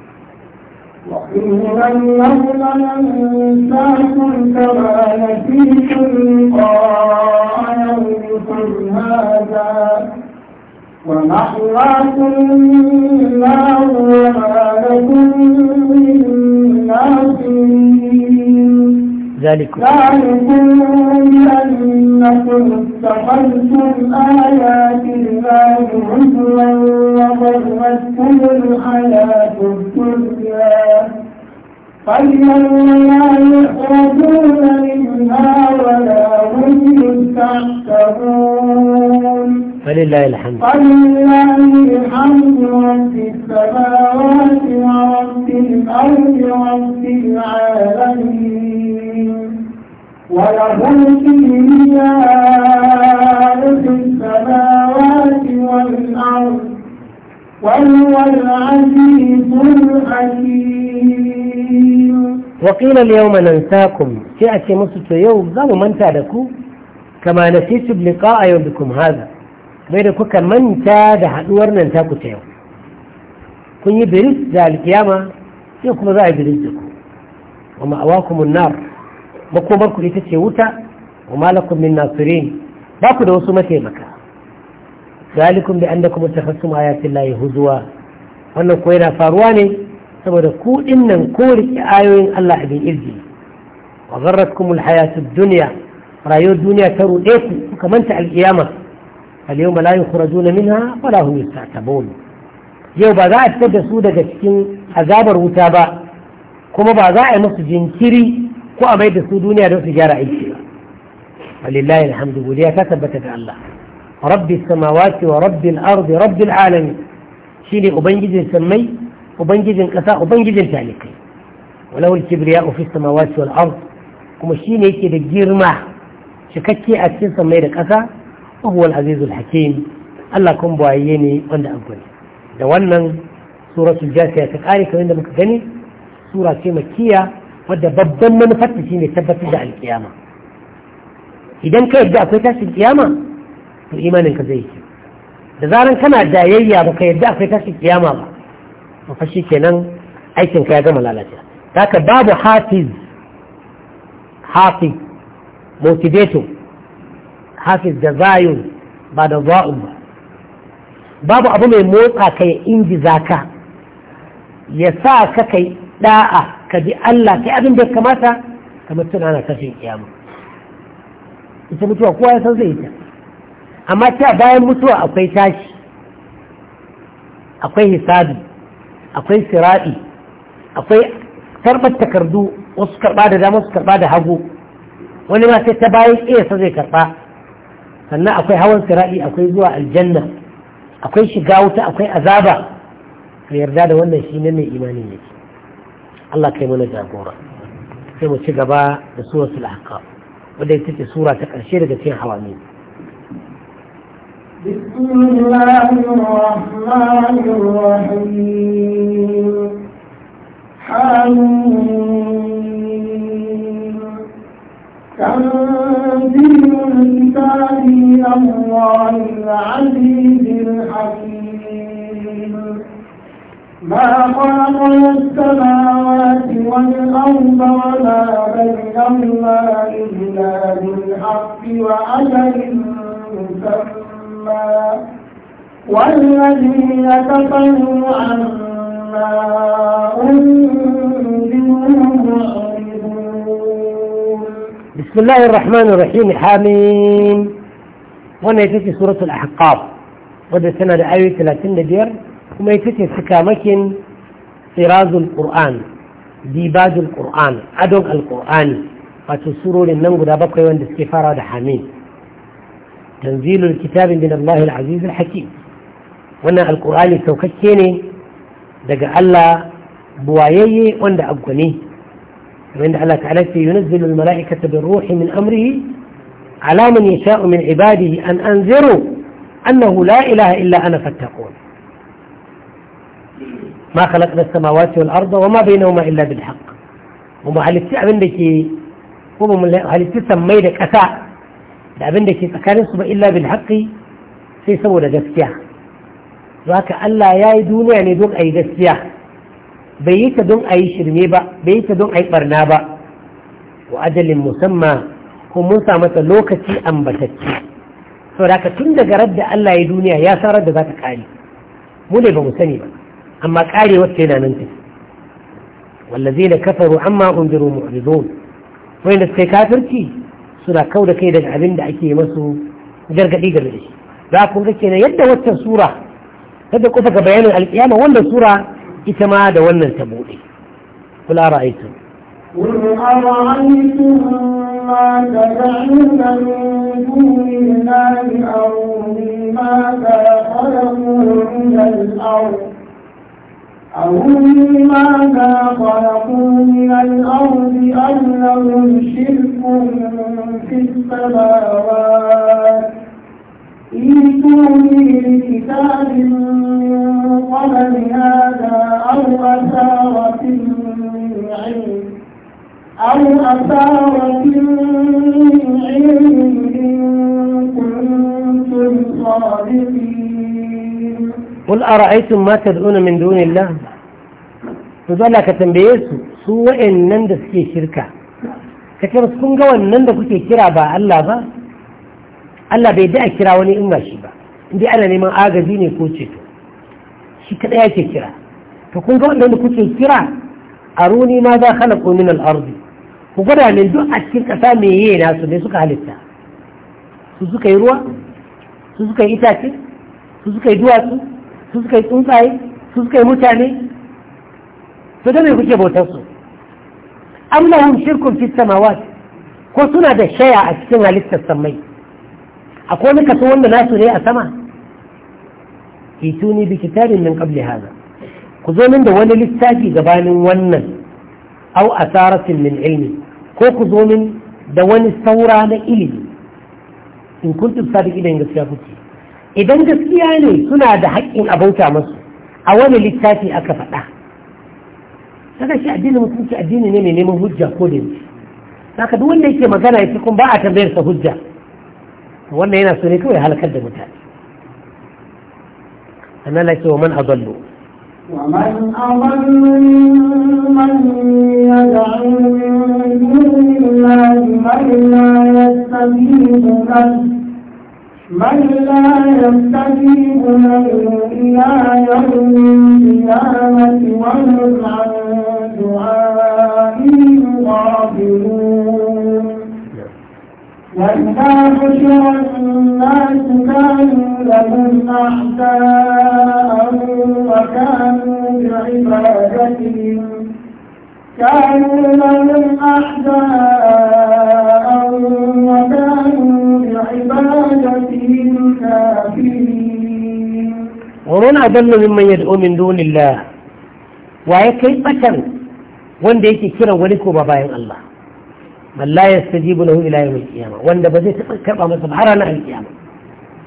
إنهم لننساكم كما نسيتم لقاء يومكم هذا ومحواكم النار وما لكم من ناصرين ذلك بأنكم اتخذتم آيات الله عزوا وغرتكم الحياة الدنيا فاليوم لا يخرجون منها ولا هم يستعتبون فلله الحمد فلله الحمد رب السماوات ورب الأرض ورب العالمين ولهم فيها في السماوات والأرض وهو العزيز الحكيم وقيل اليوم ننساكم شيء مصر يوم ظلوا من تعدكوا كما نسيتم لقاء يومكم هذا bai da kuka manta da haduwar nan taku ta yau kun yi biris da alkiyama sai kuma za a yi biris da ku wa ma'awakumun nar makomar ku ita ce wuta wa malakum min nasirin ba ku da wasu mataimaka zalikum bi annakum tafassum ayatin lahi huzwa wannan ko yana faruwa ne saboda ku nan ko riki ayoyin Allah abin izzi wa gharratkum alhayatud dunya rayuwar duniya ta ruɗe ku kuka manta alkiyama al-yawma la yukhrajuna minha wa la hum yusta'tabun yau ba za a fitar da su daga cikin azabar wuta ba kuma ba za a yi musu jinkiri ko a mai da su duniya da su gyara aiki ba walillahi alhamdu godiya ta tabbata da Allah rabbi samawati wa rabbil ardi rabbil alamin shine ubangijin sammai ubangijin kasa ubangijin talikai walau kibriya fi samawati wal ard kuma shine yake da girma cikakke a cikin sammai da kasa wa huwal azizul hakim Allah kun bayaye ne wanda ne. da wannan suratul jasiya ta kare kamar da muka gani sura ce wadda babban manufarta shi ne tabbatar da alkiyama idan ka yadda akwai tashin kiyama to imaninka zai yi da zaran kana dayayya ba ka yadda akwai tashin kiyama ba mafa shi kenan aikinka ya gama lalacewa haka babu hafiz hafiz motivator hafiz da zayun ba da za'un ba babu abu mai motsa ka ya ingiza ka ya sa ka kai da'a ka bi Allah kai abin da kamata kamar tun ana tashin kiyama ita mutuwa kowa ya san zai ita amma ta bayan mutuwa akwai tashi akwai hisabi akwai sirabi, akwai karɓar takardu wasu karɓa da dama su karɓa da hagu wani ma sai ta bayan iya ƙesa zai karɓa sannan akwai hawan siraɗi akwai zuwa aljanna akwai shiga wuta akwai azaba ka yarda da wannan shi ne mai imanin yake الله كي منجا قورا كي متشقبا بسورة الأحقاب ودي تتي سورة تقرشير دتين حوامين بسم الله الرحمن الرحيم حميم تنزيل الكتاب من الله العزيز الحكيم ما خلقنا السماوات والأرض وما بينهما إلا بالحق وأجل مسمى والذين كفروا عما بسم الله الرحمن الرحيم حامين wannan ita سورة suratul ahqaf لآية 30 da kuma ita ce sukamakin sirazul qur'an dibajul qur'an adon alƙur'ani wato surorin nan guda bakwai wanda suke fara da hamin tanzilul kitabin bin Allah al-aziz al-hakim wannan alqur'ani saukakke ne daga Allah buwayayye wanda agwani kamar da Allah ta'ala ce yunazzilul mala'ikata birruhi min amrihi ala man yasha'u min ibadihi an anziru annahu la ilaha illa ana fattaqun ma khalaqna as-samawati wal arda wama bainahuma illa bil haqq mu halitti abin da ke ko mu halitti da ƙasa da abin ke tsakanin su ba illa bil haqqi sai saboda gaskiya zaka Allah ya yi duniya ne don a yi gaskiya bai yi ta don a yi shirme ba bai yi ta don a yi barna ba wa ajalin musamman ko mun sa lokaci ambatacce saboda ka tun daga radda Allah ya duniya ya san da za ta kare mu ne ba mu sani ba أما قاري وتينا ننتهي والذين كفروا عما أنذروا معرضون وين سكي كي سورة كودا كيدا عبين دا أكي مسو جرق ديقا بلش لكن قلتنا يدى وتا سورة هذا كفك بيان الإيامة وانا سورة إتما دا التبوئي قل أرأيتم قل أرأيتم ما تدعون من دون الله أو مما خلقوا من الأرض أهم ماذا خلقوا من الأرض أم لهم شرك في السماوات إيتوني بكتاب من قبل هذا أو أثارة من علم أو أثارة من kul mata ma tad'una min dunillah to zalla ka tambaye su su wa'annan da suke shirka ka ce kun ga wannan da kuke kira ba Allah ba Allah bai da a kira wani in ba shi ba indai ana neman agaji ne ko ceto shi kadai yake kira to kun ga wannan da kuke kira aruni ma za khalaqu min al ku gwada min duk a cikin kasa me yayi nasu ne suka halitta su suka yi ruwa su suka yi itace su suka yi duwatsu su suka yi tsuntsaye su suka yi mutane su da mai kuke bautar su am lahum shirkun fi samawat ko suna da shaya a cikin halittar samai akwai wani kaso wanda nasu ne a sama ituni bi kitabin min qabli hadha ku zo min da wani littafi gabanin wannan au asaratin min ilmi ko ku zo min da wani saura na ilimi in kuntum sadiqina gaskiya kuke idan gaskiya ne suna da haƙƙin abauta masu a wani littafi aka faɗa saka shi addinin mutunci addini ne mai neman hujja ko da yake saka duk wanda yake magana ya kun ba a tambayar sa hujja wannan yana so ne kawai halakar da mutane sannan ce wa man azallu ومن أضل ممن يدعو من دون الله من لا يستجيب له من لا يستجيب له إلا يوم القيامة وهم عن دعائهم غافلون وإذا بشر الناس كانوا لهم أعداء وكانوا بعبادتهم كانوا لهم أعداء وكانوا عبادة الكافرين ومن أضل ممن يدعو من دون الله ويكي بشر wanda yake kiran wani ko ba bayan Allah bal la yastajibu lahu ila yawm al-qiyamah wanda ba zai karɓa masa ba har ranar al-qiyamah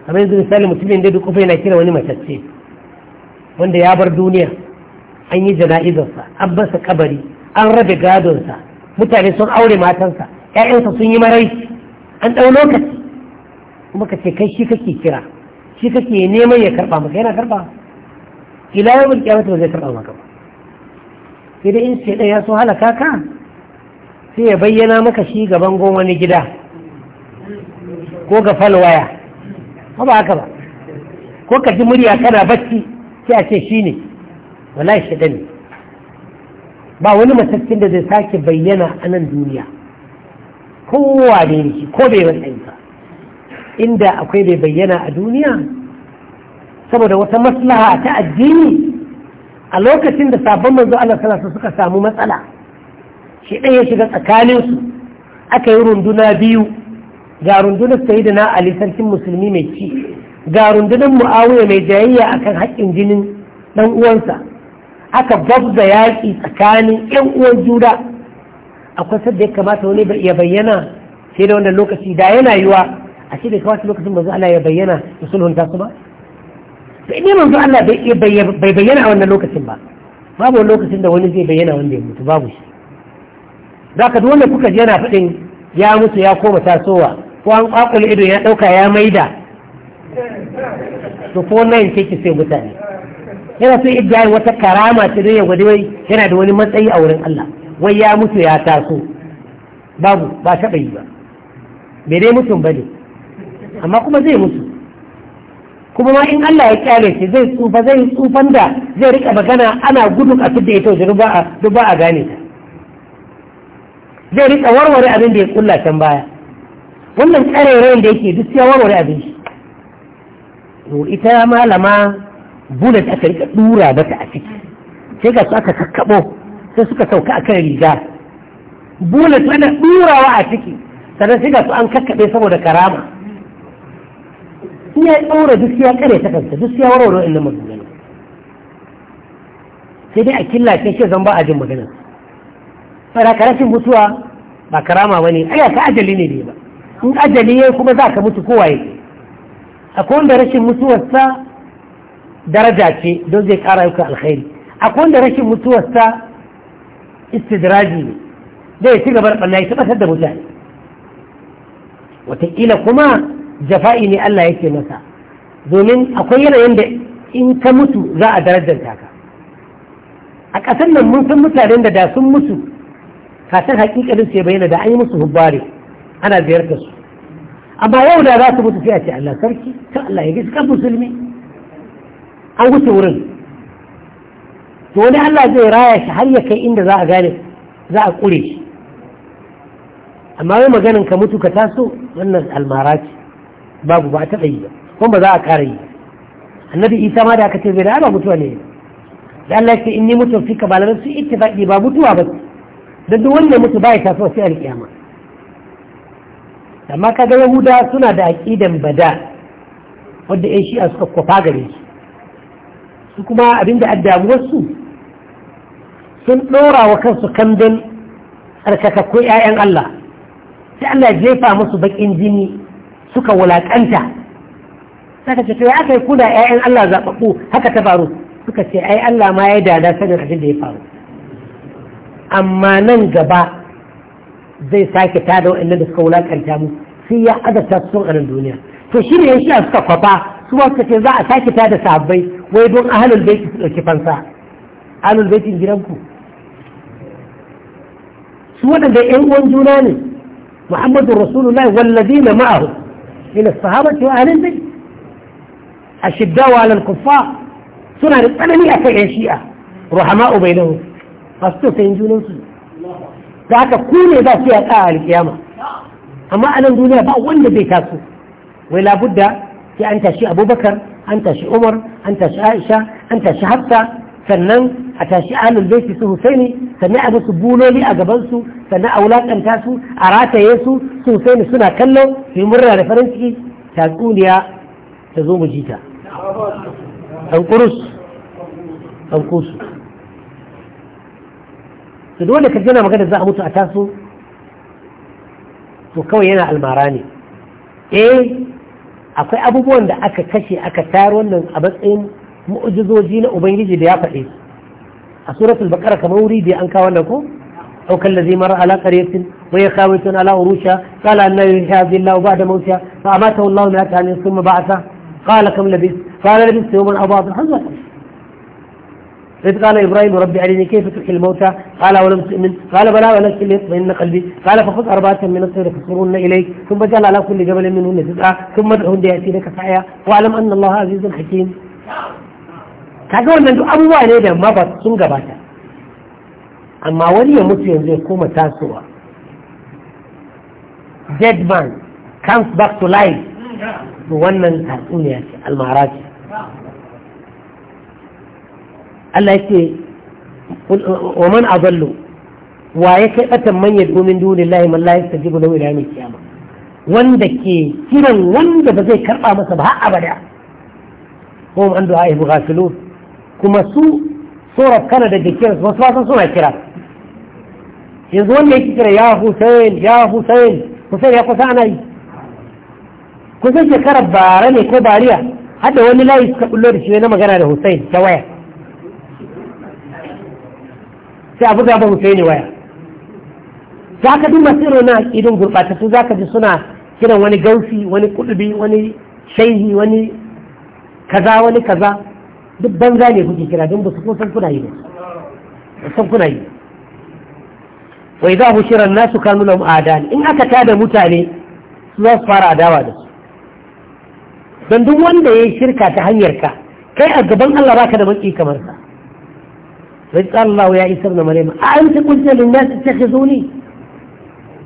kamar yanzu misali mutumin da duk yana kira wani matacce wanda ya bar duniya an yi jana'izarsa an basa kabari an rabe gadonsa mutane sun aure matansa 'ya'yansa sun yi maraici. an ɗau lokaci kuma ka ce kai shi kake kira shi kake neman ya karba maka yana karba ila yau bin mata ba zai karba maka ba sai dai in shaidan ya so halaka ka sai ya bayyana maka shi gaban goma wani gida ko ga falwaya ba ba haka ba ko ka ji murya kana bacci sai a ce shi ne wallahi shi ne ba wani matattun da zai sake bayyana a nan duniya kowa ne shi ko bai matsayin ba inda akwai bai bayyana a duniya saboda wata maslaha ta addini a lokacin da sabon manzo Allah sallallahu suka samu matsala shi ɗaya ya shiga tsakaninsu aka yi runduna biyu ga rundunar sayyidina Ali sarkin musulmi mai ci ga rundunar mu'awiya mai jayayya akan haƙƙin jinin ɗan uwansa aka babza yaƙi tsakanin ƴan uwan juda akwai sadda ya kamata wani ya bayyana sai da wannan lokaci da yana yiwa a ce da kawai lokacin manzo Allah ya bayyana da sulhunta su ba sai dai manzo Allah bai bayyana a wannan lokacin ba babu lokacin da wani zai bayyana wanda ya mutu babu shi za ka duk wanda kuka ji yana faɗin ya mutu ya koma tasowa ko an kwakule ido ya ɗauka ya maida to ko wannan ce ki sai mutane yana so idda wata karama ce don ya wai yana da wani matsayi a wurin Allah wai ya mutu ya taso babu ba taɓa yi ba bai dai mutum ba ne amma kuma zai mutu kuma ma in Allah ya kyale shi zai tsufa zai tsufan da zai rika magana ana gudu a fidda ita waje duk ba a gane ta zai rika warware abin da ya kulla can baya wannan tsarerayen da yake duk ya warware abin shi ita malama bullet aka rika dura ta a ciki sai ga su aka kakkabo sai suka sauka a kan riga bula ana durawa a ciki sannan sai ga su an kakkabe saboda karama in ya ɗaura duk ya kare ta kanta duk ya warware wa'annan maganganu sai dai a killace shi zan ba a jin maganar fara karashin mutuwa ba karama ba ne ai ka ajali ne ba in ajali yayi kuma za ka mutu kowa yake akwai wanda rashin mutuwarsa daraja ce don zai kara yuka alkhairi akwai wanda rashin mutuwarsa istidraji ne zai ci gaba da ɓanna ya tabbatar da mutane wataƙila kuma jafa'i ne Allah yake masa domin akwai yanayin da in ka mutu za a darajar ka a ƙasar nan mun san mutanen da da sun mutu kasar hakikalin sai bayyana da an yi musu hubbare ana ziyartar su amma yau da za su mutu sai a ce Allah sarki ta Allah ya gaskiya musulmi an wuce wurin to wani Allah zai raya shi har ya kai inda za a gane za a kure shi amma yau maganin ka mutu ka taso wannan almara ce babu ba a taɓa yi kuma ba za a ƙara yi annabi isa ma da aka ce bai da ba mutuwa ne da Allah ya ce in ni mutu fika ba lalar su faɗi ba mutuwa ba don duk wanda mutu ba ya tafi sai alƙiyama amma kaga yahuda suna da aƙidan bada wanda ƴan shi'a suka kwafa gare su su kuma abinda a su sun ɗora wa kansu kandun tsarkakakkun 'ya'yan Allah sai Allah ya jefa musu baƙin jini suka wulaƙanta saka ce ya aka yi kuna ƴaƴan Allah zaɓaɓɓu haka ta faru suka ce ai Allah ma ya dada sanin abin da ya faru amma nan gaba zai sake tada waɗannan da suka wulaƙanta mu sai ya adata sun a nan duniya to shi ne shi suka kwafa su ba suka ce za a sake tada sabbai wai don ahalul baiti su ɗauki fansa ahalul baitin gidanku su waɗanda ƴan uwan juna ne محمد رسول الله والذين إلى الصحابة وأهل البيت أشداء على الكفار سنة للطلمية فإن شيئا رحماء بينهم فاستو سينجون وصل ذاك كل إذا فيها الآية الكيامة أما أنا الدنيا بقى وين بيتاكو ولا بد أن تشي أبو بكر أن تشي عمر أن تشي عائشة أن تشي حفصة sannan a tashi ahlul baiti su husaini sannan a musu buloli a gaban su sannan a wulakanta su a rataye su su husaini suna kallo su murna da farin ciki tatsuniya ta zo mu jita an kurus an kusu su dole ka jina magana za a mutu a taso to kawai yana almara ne eh akwai abubuwan da aka kashe aka tayar wannan a matsayin mu'jizoji na ubangiji da ya faɗe a suratul baqara kamar wuri bai an kawo أو كالذي مر على قرية وهي خاوية على عروشها قال أن يحيي عبد الله بعد موتها فأماته الله مئة عام ثم بعثه قال كم لبثت قال لبس يوما أو بعض الحزوة إذ قال إبراهيم ربي أرني كيف تحيي الموتى قال ولم تؤمن قال بلى ولكن ليطمئن قلبي قال فخذ أربعة من الطير فصرهن إليك ثم جعل على كل جبل منهن جزءا ثم ادعهن ليأتينك سعيا واعلم أن الله عزيز حكيم kaga wannan duk abubuwa ne da ma sun gabata amma wani ya mutu yanzu ya koma tasowa dead man comes back to life to wannan tatsuniya ce almara ce Allah ya ce wa man azallu wa ya kai batan man yad'u min lahi man la jibu lahu ila yawmil kiyama wanda ke kiran wanda ba zai karba masa ba har abada ko an du'a ibu ghafilun kuma su tsorar kana da jikin masu wasan suna kira yanzu wanda ya kira ya hussein ya hussein hussein ya kusa ana yi kusan shekarar bara ne ko bariya hada wani layi suka bullo da shi na magana da hussein ta waya sai abu da hussein waya za ka duk masu na idin gurɓatattu za ka ji suna kiran wani gausi wani kudubi wani shaihi wani kaza wani kaza duk banza ne kuke kira don ba su san kuna yi ba san kuna yi wai za ku shirin nasu kanu lahum adan in aka tada mutane su za su fara adawa da su don duk wanda ya yi shirka ta hanyar ka kai a gaban Allah baka da maki kamar sa sai Allah ya isar na maryam a anta qulta lin nas ittakhizuni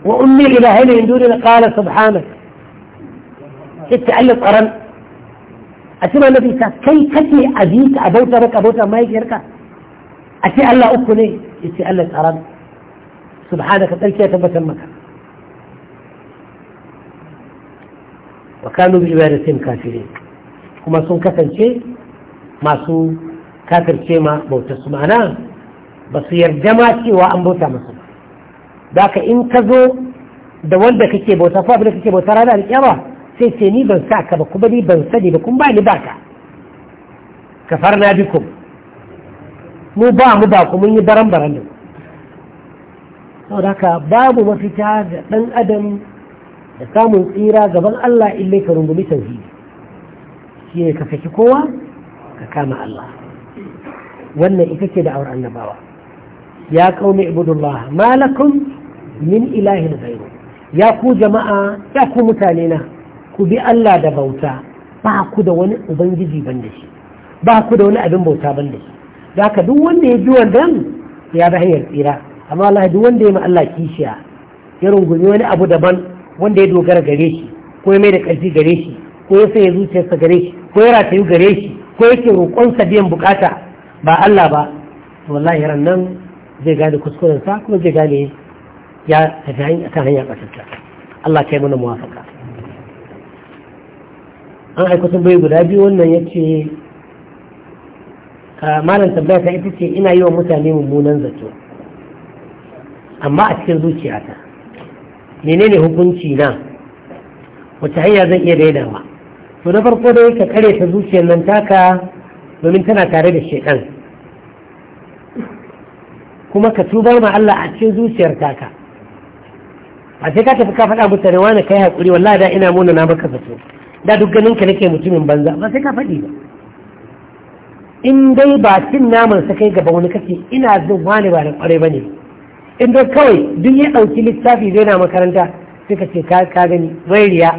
wa ummi ilahayn min duni qala subhanak alli tsaron. a ce mafi ka kai kake a bi ka a bauta maka bauta mahaifiyarka a ce Allah uku ne ya ce Allah tsaron ka tsarki ya tabbatar maka wa kanu bi ibadatin kafire kuma sun kasance masu kafirce ma bautar su ma'ana ba su yarda ma cewa an bauta masu ba ka in ka zo da wanda kake bauta fa da kake bauta rana kyawa sai ce ni ban sa ka ba kuma ni ban sani ba kun ba ni ba ka kafar na bi mu ba mu ba ku mun yi baran baran da saboda haka babu mafita ga ɗan adam da samun tsira gaban Allah illai ka rungumi tauhidi shi ne ka saki kowa ka kama Allah wannan ita ce da awar annabawa ya kauna ibudullah malakum min ilahin ghairu ya ku jama'a ya ku mutane na ku bi Allah da bauta ba ku da wani ubangiji ban da shi ba ku da wani abin bauta ban da shi da haka duk wanda ya ji wannan ya ba hanyar tsira amma Allah duk wanda ya ma Allah kishiya ya rungumi wani abu daban wanda ya dogara gare shi ko ya mai da ƙarfi gare shi ko ya sanya zuciyarsa gare shi ko ya ratayu gare shi ko yake roƙonsa biyan bukata ba Allah ba wallahi ran nan zai gane kuskurensa kuma zai gane ya tafi hanyar ƙasarta Allah ta yi mana muwafaka an aiko tambayi guda biyu wannan ya ce malam tambaya ta ita ce ina yi wa mutane mummunan zato amma a cikin zuciyata menene hukunci na wace hanya zan iya daidawa to na farko dai ka kare ta zuciyar nan taka domin tana tare da shekan kuma ka tubar ma Allah a cikin zuciyar taka a sai ka tafi ka faɗa mutane wani kai haƙuri wallahi da ina muna na maka zato da duk ganin ka nake mutumin banza ba sai ka faɗi ba in dai ba cin naman sa kai gaba wani kake ina jin wani ba da kwarai bane in dai kawai duk ya ɗauki littafi zai na makaranta sai ka ce ka gani wairiya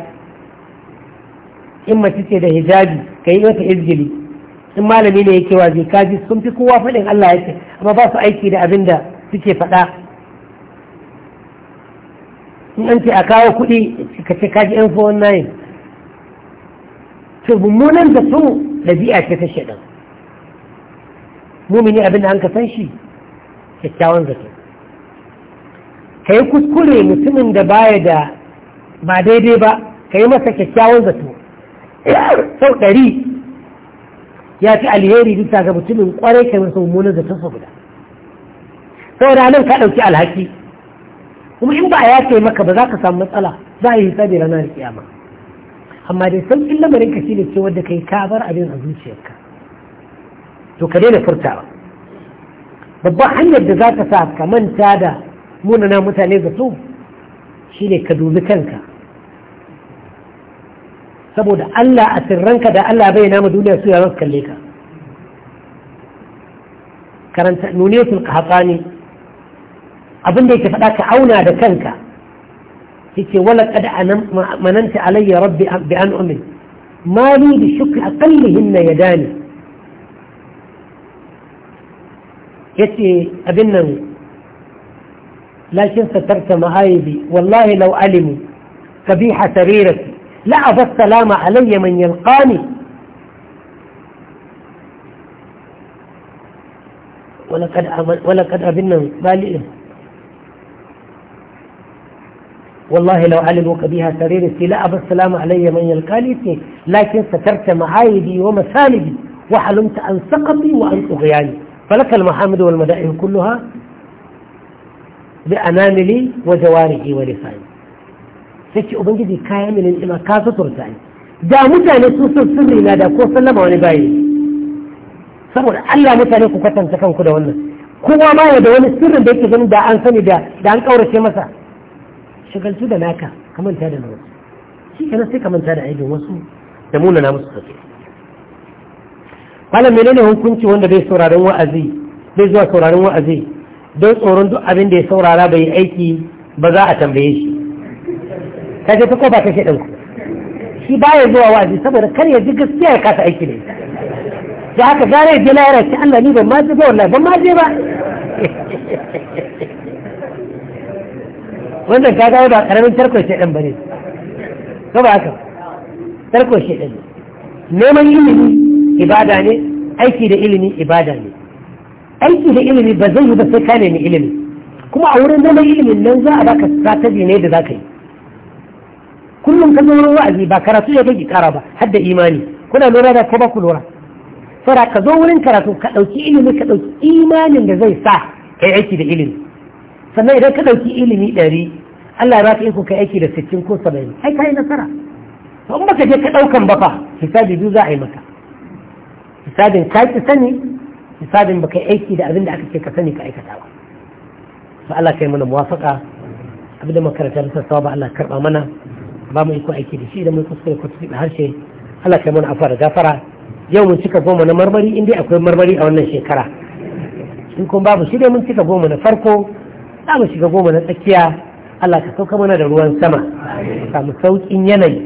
in mace ce da hijabi ka yi mata izgili in malami ne yake wa kaji sun fi kowa faɗin Allah yake amma ba su aiki da abin da suke faɗa in an ce a kawo kuɗi ka ce kaji yan fowon to mummunan da so ɗabi'a ce ta shaɗan mumini abin da an ka san shi kyakkyawan zato ka yi kuskure mutumin da baya da ba daidai ba ka yi masa kyakkyawan zato sau ɗari ya fi alheri duk ga mutumin kwarai ka yi masa mummunan zato sau guda nan ka ɗauki alhaki kuma in ba ya ce maka ba za ka samu matsala za a yi sabi ranar kiyama amma dai sauƙin lamarin ka shine ce wanda kai ka bar abin a zuciyarka to ka daina furtawa babban hanyar da za ka sa ka manta da munana mutane zato shine ka dubi kanka saboda Allah a sirranka da Allah bai nama duniya su ya su kalle ka karanta nuniyatul qahtani abin da yake faɗa ka auna da kanka ولد ولقد مننت علي ربي بأن أؤمن ما لي بالشكر أقلهن يداني يتي أبنه لكن ترك مآيبي والله لو علموا قبيح سريرتي لعب السلام علي من يلقاني ولقد, ولقد أبنه ما لي والله لو علموك بها سريرتي لأبى السلام علي من يلقاني لكن سترت معايبي ومسالبي وحلمت عن سقطي وعن طغياني فلك المحامد والمدائح كلها بأناملي وجوارحي ولساني sai ubangiji kaya mini ina ka suturta yi da mutane su sun sirri na da ko sallama wani bayi saboda Allah mutane ku kwatanta kanku da wannan kowa ma da wani sirrin da yake ganin da an sani da an kaurace masa shagaltu da naka ka manta da nawa shi kenan sai ka manta da aibin wasu da muna na musu tafi malam menene hukunci wanda bai sauraron wa'azi bai zuwa sauraron wa'azi don tsoron duk abin da ya saurara bai aiki ba za a tambaye shi kaje ta ko ba kashe ku shi baya zuwa wa'azi saboda kar ya ji gaskiya ya kasa aiki ne da haka gare ya je lahira ki Allah ni ban ma je ba wallahi ban ma je ba wannan ka gawo ba karamin tarko shaidan bane ko ba haka tarko shaidan neman ilimi ibada ne aiki da ilimi ibada ne aiki da ilimi ba zai yi ba sai ka nemi ilimi kuma a wurin neman ilimin nan za a baka strategy ne da za ka yi kullum ka zo wurin wa'azi ba karatu ya kake kara ba har da imani kuna lura da ko ba ku lura saboda ka zo wurin karatu ka ɗauki ilimi ka ɗauki imanin da zai sa kai aiki da ilimi sannan idan ka ɗauki ilimi ɗari Allah ya baka iko ka aiki da sittin ko saba'in ai ka yi nasara to in baka je ka ɗaukan ba fa hisabi biyu za a yi maka hisabin ka ki sani hisabin baka yi aiki da abin da aka ce ka sani ka aikata ba to Allah kai mana muwafaka abin da makaranta bisa sawa ba Allah karɓa mana ba mu iko aiki da shi da mun kuskure ko tsibi harshe Allah kai mana afara gafara yau mun cika goma na marmari in dai akwai marmari a wannan shekara in kun babu shi dai mun cika goma na farko za mu shiga goma na tsakiya Allah ka sauka mana da ruwan sama samu sauƙin yanayi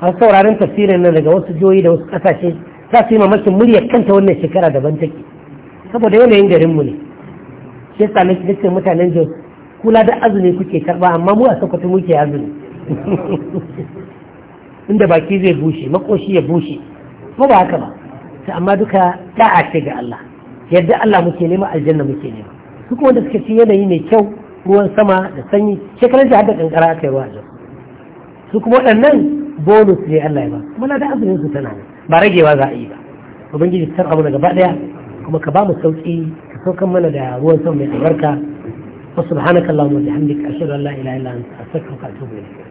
har sauraron tafsirin nan daga wasu joyi da wasu ƙasashe za su yi mamakin muryar kanta wannan shekara daban take saboda yanayin garin mu ne shi yasa nake nake mutanen jos kula da azumi kuke karba amma mu a sokoto muke azumi inda baki zai bushe makoshi ya bushe ko ba haka ba amma duka da'a ce ga Allah yadda Allah muke nema aljanna muke nema duk wanda suka ci yanayi mai kyau ruwan sama da sanyi shekaran jihar da kankara aka yi ruwa a su kuma waɗannan bonus ne Allah ya ba kuma na da azumin su tana ba ragewa za a yi ba ubangiji san abu gaba daya kuma ka ba mu sauki ka saukan mana da ruwan sama mai albarka wa subhanakallahumma wa bihamdika ashhadu an la ilaha illa anta astaghfiruka wa atubu ilayk